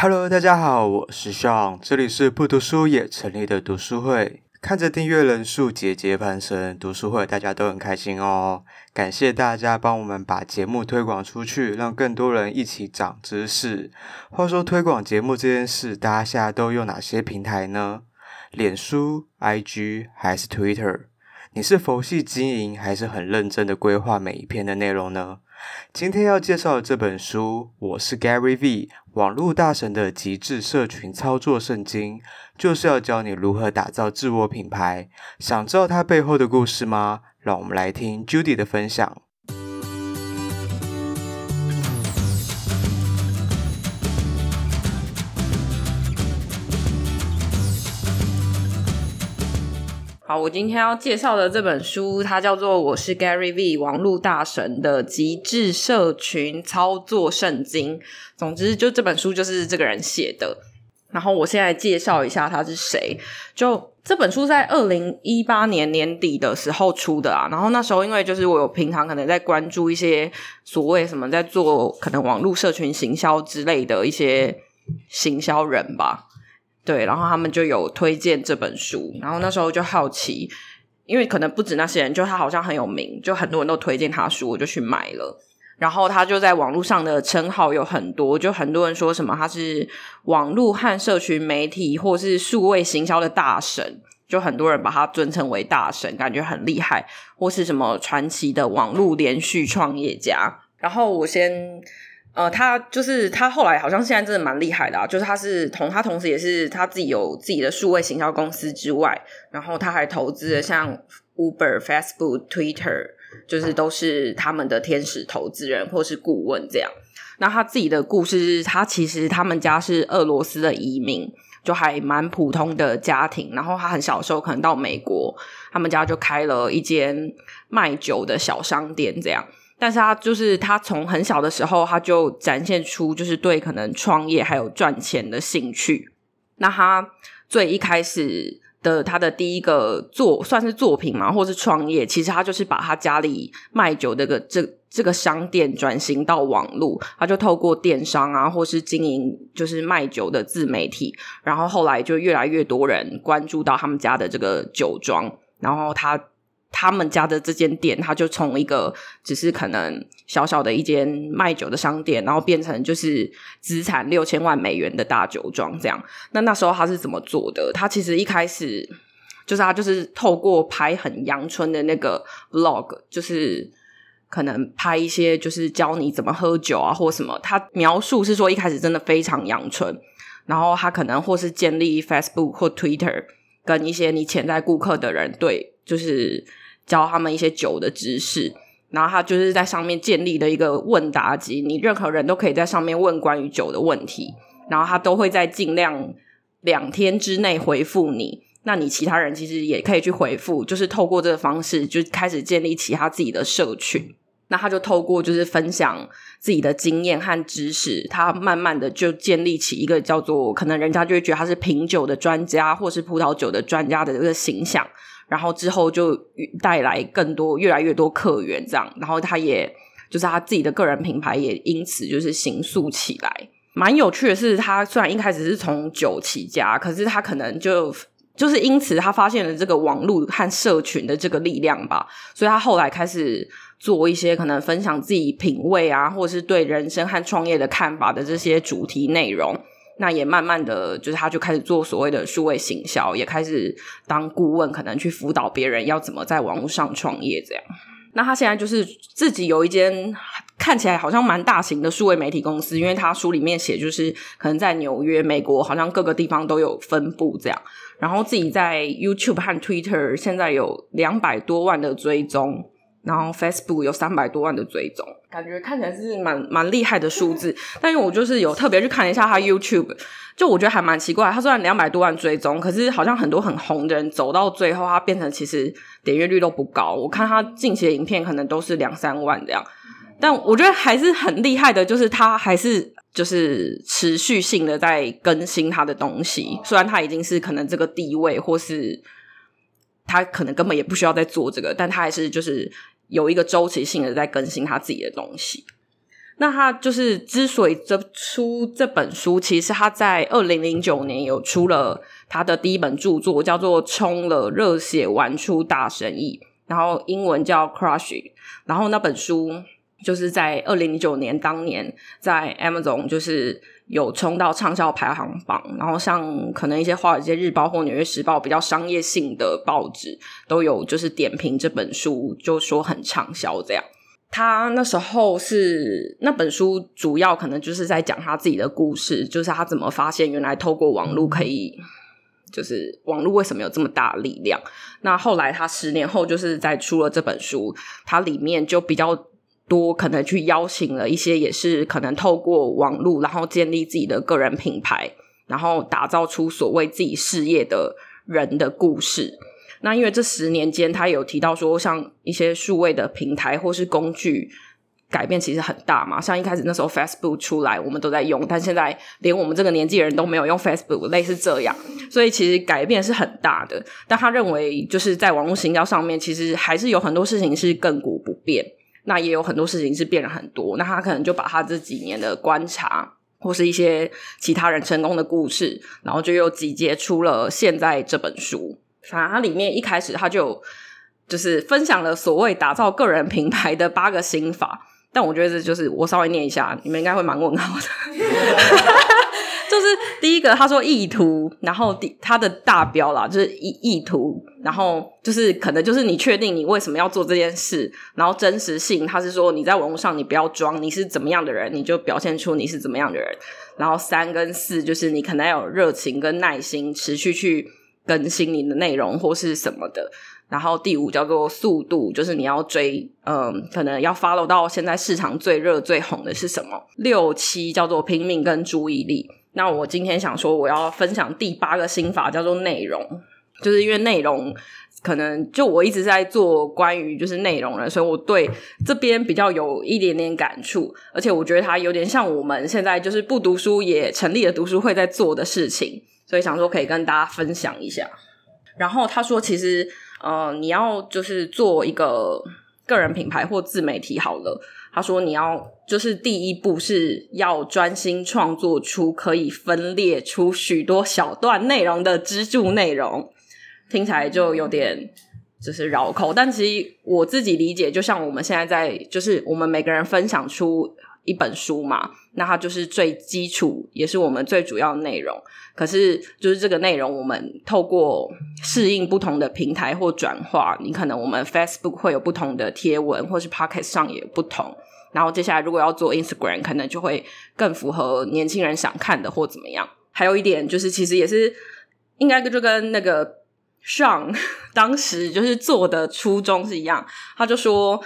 Hello，大家好，我是 Sean，這裡是不讀書也成立的讀書會。看着訂閱人數節節攀升，讀書會大家都很開心哦。感謝大家幫我們把節目推廣出去，讓更多人一起長知識。話說推廣節目這件事，大家現在都用哪些平台呢？臉書、IG 還是 Twitter？你是佛系經營，還是很認真地規劃每一篇的內容呢？今天要介紹的這本書，我是 GaryVee 網路大神的《極致社群操作聖經》，就是要教你如何打造自我品牌。想知道他背後的故事嗎？讓我們來聽 Judy 的分享。好，我今天要介紹的這本書，它叫做《我是 GaryVee 網路大神的極致社群操作聖經》。總之，就這本書就是這個人寫的。然後，我現在介紹一下他是誰。就這本書在二零一八年年底的時候出的啊。然後那時候，因為就是我有平常可能在關注一些所謂什麼，在做可能網絡社群行銷之類的一些行銷人吧。對，然後他們就有推薦這本書，然後那時候就好奇，因為可能不止那些人，就他好像很有名，就很多人都推薦他書，我就去買了。然後他就在網絡上的稱號有很多，就很多人說什麼他是網絡和社群媒體或是數位行銷的大神，就很多人把他尊稱為大神，感覺很厲害，或是什麼傳奇的網絡連續創業家。然後我先。呃，他就是他，後來好像現在真的蠻厲害的啊！就是他是同他同時，也是他自己有自己的數位行銷公司之外，然後他還投資了像 Uber、Facebook、Twitter，就是都是他們的天使投資人或是顧問這樣。那他自己的故事，是他其實他們家是俄羅斯的移民，就還蠻普通的家庭。然後他很小的時候可能到美國，他們家就開了一間賣酒的小商店這樣。但是他就是他從很小的時候他就展現出就是對可能創業還有賺錢的興趣。那他最一開始的他的第一個作算是作品嘛，或是創業，其實他就是把他家裡賣酒的這個這這個商店轉型到網絡，他就透過電商啊或是經營就是賣酒的自媒體。然後後來就越來越多人關注到他們家的這個酒莊，然後他。他們家的這間店，他就從一個只是可能小小的一間賣酒的商店，然後變成就是資產六千萬美元的大酒莊這樣。那那時候他是怎麼做的？他其實一開始就是他就是透過拍很陽春的那個 vlog，就是可能拍一些就是教你怎麼喝酒啊，或什麼。他描述是說一開始真的非常陽春，然後他可能或是建立 Facebook 或 Twitter，跟一些你潛在顧客的人對。就是教他們一些酒的知識，然後他就是在上面建立的一個問答機，你任何人都可以在上面問關於酒的問題，然後他都會在儘量兩天之內回復你。那你其他人其實也可以去回復，就是透過這個方式就開始建立起他自己的社群。那他就透過就是分享自己的經驗和知識，他慢慢的就建立起一個叫做可能人家就會覺得他是品酒的專家或是葡萄酒的專家的這個形象。然後之後就帶來更多，越來越多客源，這樣，然後他也就是他自己的個人品牌也因此就是形塑起來。蠻有趣的是，他雖然一開始是從酒起家，可是他可能就就是因此他發現了這個網絡和社群的這個力量吧，所以他後來開始做一些可能分享自己品味啊，或者是對人生和創業的看法的這些主題內容。那也慢慢的就是，他就開始做所謂的數位行銷，也開始當顧問，可能去輔導別人要怎麼在網絡上創業這樣。那他現在就是自己有一間看起來好像蠻大型的數位媒體公司，因為他書裡面寫，就是可能在紐約、美國好像各個地方都有分布這樣。然後自己在 YouTube 和 Twitter 現在有兩百多萬的追蹤。然後 Facebook 有三百多萬的追蹤，感覺看起來是蠻蠻厲害的數字。但因為我就是有特別去看了一下他 YouTube，就我覺得還蠻奇怪。他雖然兩百多萬追蹤，可是好像很多很紅的人走到最後，他變成其實點閱率都不高。我看他近期的影片可能都是兩三萬這樣，但我覺得還是很厲害的，就是他還是就是持續性的在更新他的東西。雖然他已經是可能這個地位，或是他可能根本也不需要再做這個，但他還是就是。有一個周期性的在更新他自己的東西，那他就是之所以這出這本書，其實他在二零零九年有出了他的第一本著作，叫做《衝了熱血玩出大生意》，然後英文叫《Crush》，然後那本書。就是在二零零九年當年，在 Amazon 就是有衝到暢銷排行榜，然後像可能一些華爾街日報或紐約時報比較商業性的報紙都有就是點評這本書，就說很暢銷這樣。他那時候是那本書主要可能就是在講他自己的故事，就是他怎麼發現原來透過網絡可以，就是網絡為什麼有這麼大的力量。那後來他十年後就是在出了這本書，它裡面就比較。多可能去邀請了一些，也是可能透過網絡，然後建立自己的個人品牌，然後打造出所謂自己事業的人的故事。那因為這十年間，他有提到說，像一些數位的平台或是工具改變其實很大嘛。像一開始那時候 Facebook 出來，我們都在用，但現在連我們這個年紀的人都沒有用 Facebook 類似這樣，所以其實改變是很大的。但他認為，就是在網絡行銷上面，其實還是有很多事情是亘古不變。那也有很多事情是變了很多，那他可能就把他這幾年的觀察或是一些其他人成功的故事，然後就又集結出了現在這本書。反正他裡面一開始他就就是分享了所謂打造個人品牌的八個心法，但我覺得這就是我稍微念一下，你們應該會蠻問號的。 就是第一個，他說意圖，然後第他的大標啦，就是意意圖，然後就是可能就是你確定你為什麼要做這件事，然後真實性，他是說你在網路上你不要裝，你是怎麼樣的人，你就表現出你是怎麼樣的人，然後三跟四就是你可能要有熱情跟耐心，持續去更新你的內容或是什麼的，然後第五叫做速度，就是你要追，嗯，可能要 follow 到現在市場最熱最紅的是什麼，六七叫做拼命跟注意力。那我今天想說，我要分享第八個心法，叫做內容。就是因為內容，可能就我一直在做關於就是內容了，所以我對這邊比較有一點點感觸，而且我覺得它有點像我們現在就是不讀書也成立了讀書會在做的事情，所以想說可以跟大家分享一下。然後他說，其實呃，你要就是做一個個人品牌或自媒體好了。他說：“你要就是第一步是要專心創作出可以分裂出許多小段內容的支柱內容，聽起來就有點就是繞口。但其實我自己理解，就像我們現在在就是我們每個人分享出一本書嘛，那它就是最基礎，也是我們最主要的內容。可是就是這個內容，我們透過適應不同的平台或轉化，你可能我們 Facebook 會有不同的貼文，或是 Podcast 上也不同。”然後接下來，如果要做 Instagram，可能就會更符合年輕人想看的或怎麼樣。還有一點就是，其實也是應該就跟那個 Shawn 當時就是做的初衷是一樣。他就說，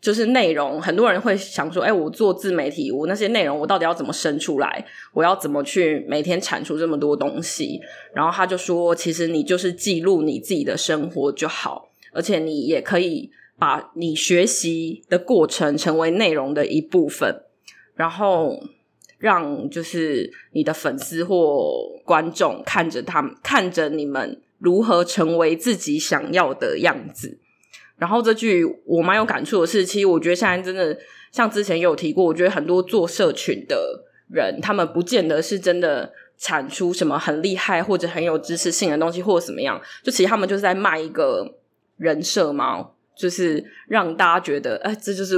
就是內容，很多人會想說，哎、欸，我做自媒體，我那些內容我到底要怎麼生出來？我要怎麼去每天產出這麼多東西？然後他就說，其實你就是記錄你自己的生活就好，而且你也可以。把你學習的過程成為內容的一部分，然後讓就是你的粉絲或觀眾看着他們看着你們如何成為自己想要的樣子。然後這句我蠻有感觸的是，其實我覺得現在真的像之前也有提過，我覺得很多做社群的人，他們不見得是真的產出什麼很厲害或者很有知識性的東西，或者怎麼樣，就其實他們就是在賣一個人設嗎？就是讓大家覺得，誒、欸、這就是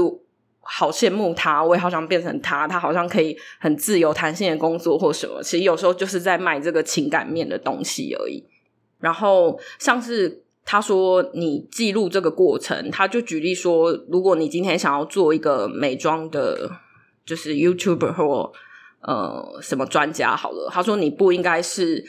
好羨慕他，我也好想變成他。他好像可以很自由彈性的工作或什麼。其實有時候就是在賣這個情感面的東西而已。然後上次他說，你記錄這個過程，他就舉例說，如果你今天想要做一個美妝的，就是 YouTuber 或呃什麼專家好了，他說你不應該是。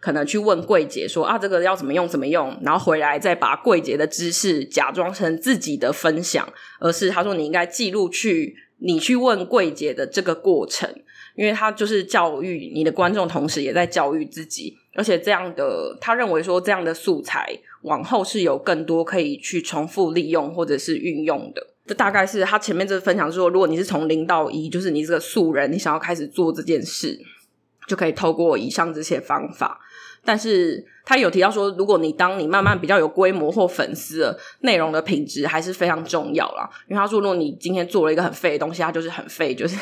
可能去問櫃姐說啊，這個要怎麼用怎麼用，然後回來再把櫃姐的知識假裝成自己的分享，而是他說你應該記錄去你去問櫃姐的這個過程，因為他就是教育你的觀眾，同時也在教育自己，而且這樣的他認為說，這樣的素材往後是有更多可以去重複利用或者是運用的，這大概是他前面這個分享說，如果你是從零到一，就是你這個素人，你想要開始做這件事，就可以透過以上這些方法，但是他有提到說，如果你當你慢慢比較有規模或粉絲了，內容的品質還是非常重要啦。因為他說，如果你今天做了一個很廢的東西，它就是很廢，就是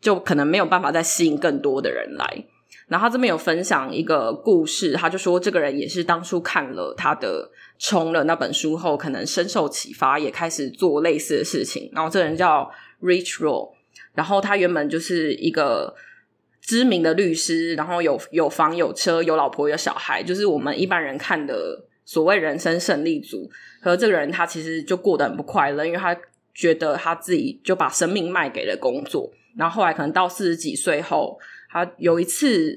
就可能沒有辦法再吸引更多的人來。然後他這邊有分享一個故事，他就說這個人也是當初看了他的《衝了》那本書後，可能深受啟發，也開始做類似的事情。然後這個人叫 Rich Roll，然後他原本就是一個。知名的律師，然後有有房有車有老婆有小孩，就是我們一般人看的所謂人生勝利組。可這個人他其實就過得很不快樂，因為他覺得他自己就把生命賣給了工作。然後後來可能到四十幾歲後，他有一次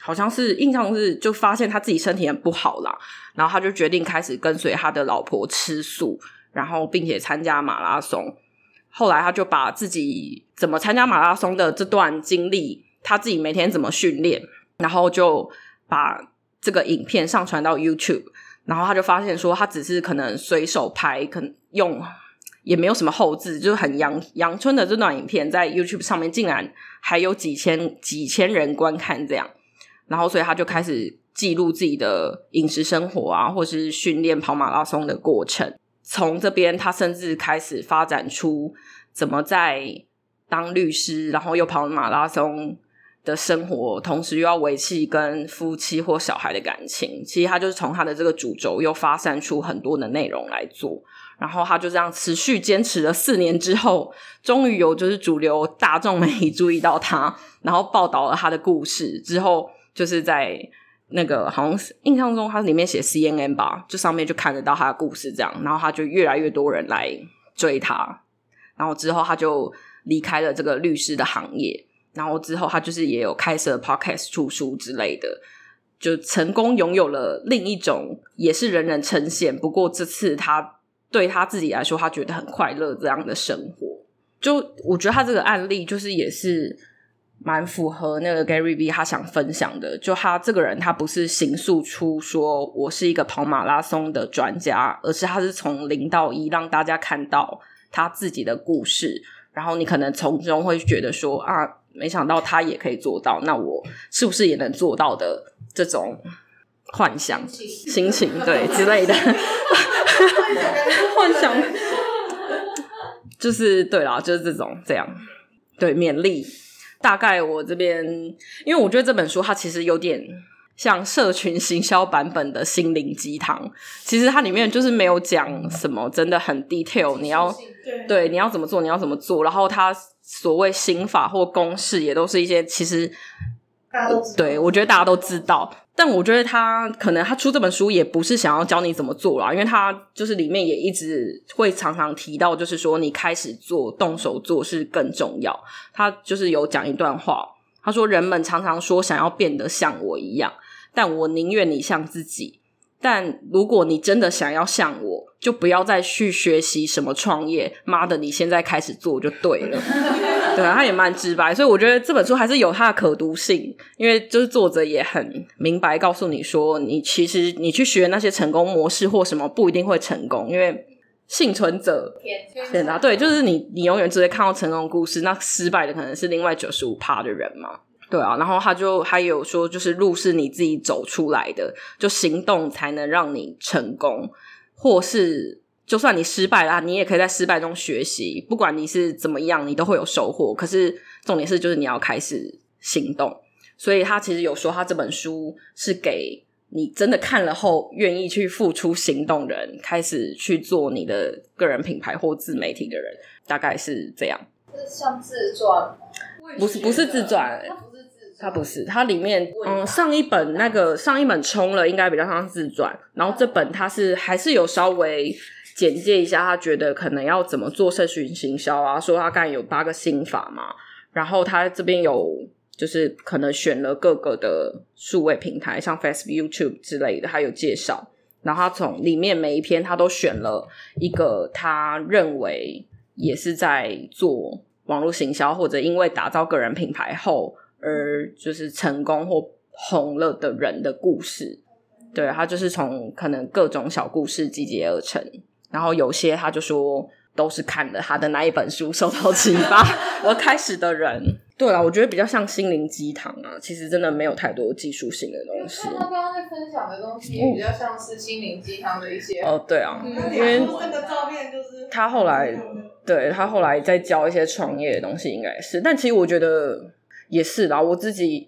好像是印象是就發現他自己身體很不好啦，然後他就決定開始跟隨他的老婆吃素，然後並且參加馬拉松。後來他就把自己怎麼參加馬拉松的這段經歷。他自己每天怎麼訓練，然後就把這個影片上傳到 YouTube，然後他就發現說，他只是可能隨手拍，可能用也沒有什麼後製，就是很陽陽春的這段影片，在 YouTube 上面竟然還有幾千幾千人觀看這樣，然後所以他就開始記錄自己的飲食生活啊，或是訓練跑馬拉松的過程。從這邊，他甚至開始發展出怎麼在當律師，然後又跑馬拉松的生活，同時又要維繫跟夫妻或小孩的感情，其實他就是從他的這個主軸又發散出很多的內容來做。然後他就這樣持續堅持了四年之後，終於有就是主流大眾媒體注意到他，然後報道了他的故事之後，就是在那個好像是印象中，他裡面寫 CNN 吧，就上面就看得到他的故事這樣。然後他就越來越多人來追他，然後之後他就離開了這個律師的行業。然後之後，他就是也有開設 podcast、出書之類的，就成功擁有了另一種，也是人人稱羨。不過這次他對他自己來說，他覺得很快樂這樣的生活。就我覺得他這個案例，就是也是蠻符合那個 GaryVee，他想分享的。就他這個人，他不是形塑出說我是一個跑馬拉松的專家，而是他是從零到一，讓大家看到他自己的故事。然後你可能從中會覺得說啊，沒想到他也可以做到，那我是不是也能做到的這種幻想心情，心情，對之類的， 就是、 幻想，就是對啦，就是這種這樣，對，勉勵。大概我這邊，因為我覺得這本書它其實有點。像社群行銷版本的心靈雞湯，其實它裡面就是沒有講什麼，真的很 detail。你要，對，對，你要怎麼做，你要怎麼做。然後他所謂心法或公式，也都是一些其實、呃、對，我覺得大家都知道。但我覺得他可能他出這本書也不是想要教你怎麼做啦，因為他就是裡面也一直會常常提到，就是說你開始做，動手做是更重要。他就是有講一段話，他說人們常常說想要變得像我一樣。但我寧願你像自己，但如果你真的想要像我，就不要再去學習什麼創業。媽的，你現在開始做就對了。 對啊，他也蠻直白，所以我覺得這本書還是有它的可讀性，因為就是作者也很明白告訴你說，你其實你去學那些成功模式或什麼，不一定會成功，因為幸存者，真的對啊、對，就是你你永遠只會看到成功故事，那失敗的可能是另外九十五趴的人嘛。對啊，然後他就還有說，就是路是你自己走出來的，就行動才能讓你成功，或是就算你失敗啦，啊，你也可以在失敗中學習，不管你是怎麼樣，你都會有收穫。可是重點是，就是你要開始行動。所以他其實有說，他這本書是給你真的看了後願意去付出行動人，開始去做你的個人品牌或自媒體的人，大概是這樣。像自傳，不是不是自傳。他不是，他裡面嗯，上一本那個上一本充了，應該比較像是自傳，然後這本他是還是有稍微簡介一下，他覺得可能要怎麼做社群行銷啊，說他大概有八個心法嘛，然後他這邊有就是可能選了各個的數位平台，像 Facebook、YouTube 之類的，他有介紹，然後他從裡面每一篇他都選了一個他認為也是在做網絡行銷或者因為打造個人品牌後。而就是成功或紅了的人的故事，對，他就是從可能各種小故事集結而成，然後有些他就說都是看了他的那一本書受到啟發而開始的人。對啊，我覺得比較像心靈雞湯啊，其實真的沒有太多技術性的東西。他剛剛在分享的東西，也比較像是心靈雞湯的一些。哦，對啊，嗯、因為他後來對、就是、他後來在教一些創業的東西，應該是。但其實我覺得。也是啦、啊，我自己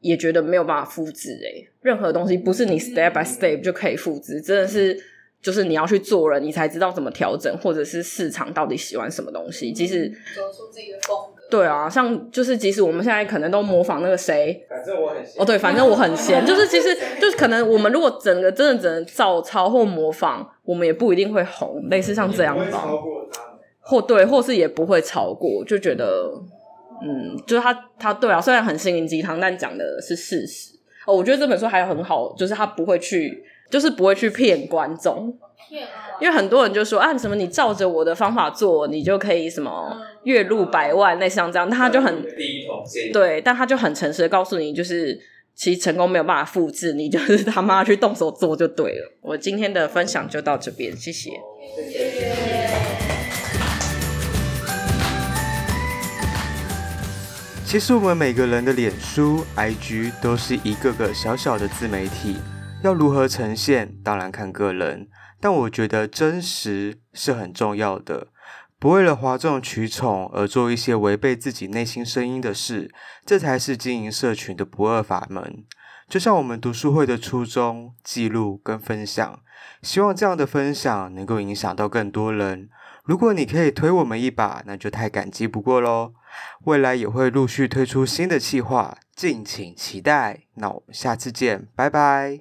也覺得沒有辦法複製誒。任何東西不是你 step by step 就可以複製，嗯，真的是就是你要去做人，你才知道怎麼調整，或者是市場到底喜歡什麼東西。即使做出自己的風格，對啊，像就是即使我們現在可能都模仿那個誰，反正我很閒。哦對，反正我很閒， 就是其實就是可能我們如果整個真的只能照抄或模仿，我們也不一定會紅，類似像這樣子，或對，或是也不會超過，就覺得。嗯，就是他，他對啊，雖然很心靈雞湯，但講的是事實。哦，我覺得這本書還有很好，就是他不會去，就是不會去騙觀眾，騙觀眾。因為很多人就說啊，什麼你照着我的方法做，你就可以什麼月入百萬，那、嗯、像這樣，他就很第一桶金。對，但他就很誠實的告訴你，就是其實成功沒有辦法複製，你就是他媽去動手做就對了。我今天的分享就到這邊，謝謝。謝謝其實我們每個人的臉書、IG 都是一個個小小的自媒體，要如何呈現，當然看個人。但我覺得真實是很重要的，不為了譁眾取寵而做一些違背自己內心聲音的事，這才是經營社群的不二法門。就像我們讀書會的初衷，記錄跟分享，希望這樣的分享能夠影響到更多人。如果你可以推我們一把，那就太感激不過嘍。未來也會陸續推出新的計劃，敬請期待。那我們下次見，拜拜。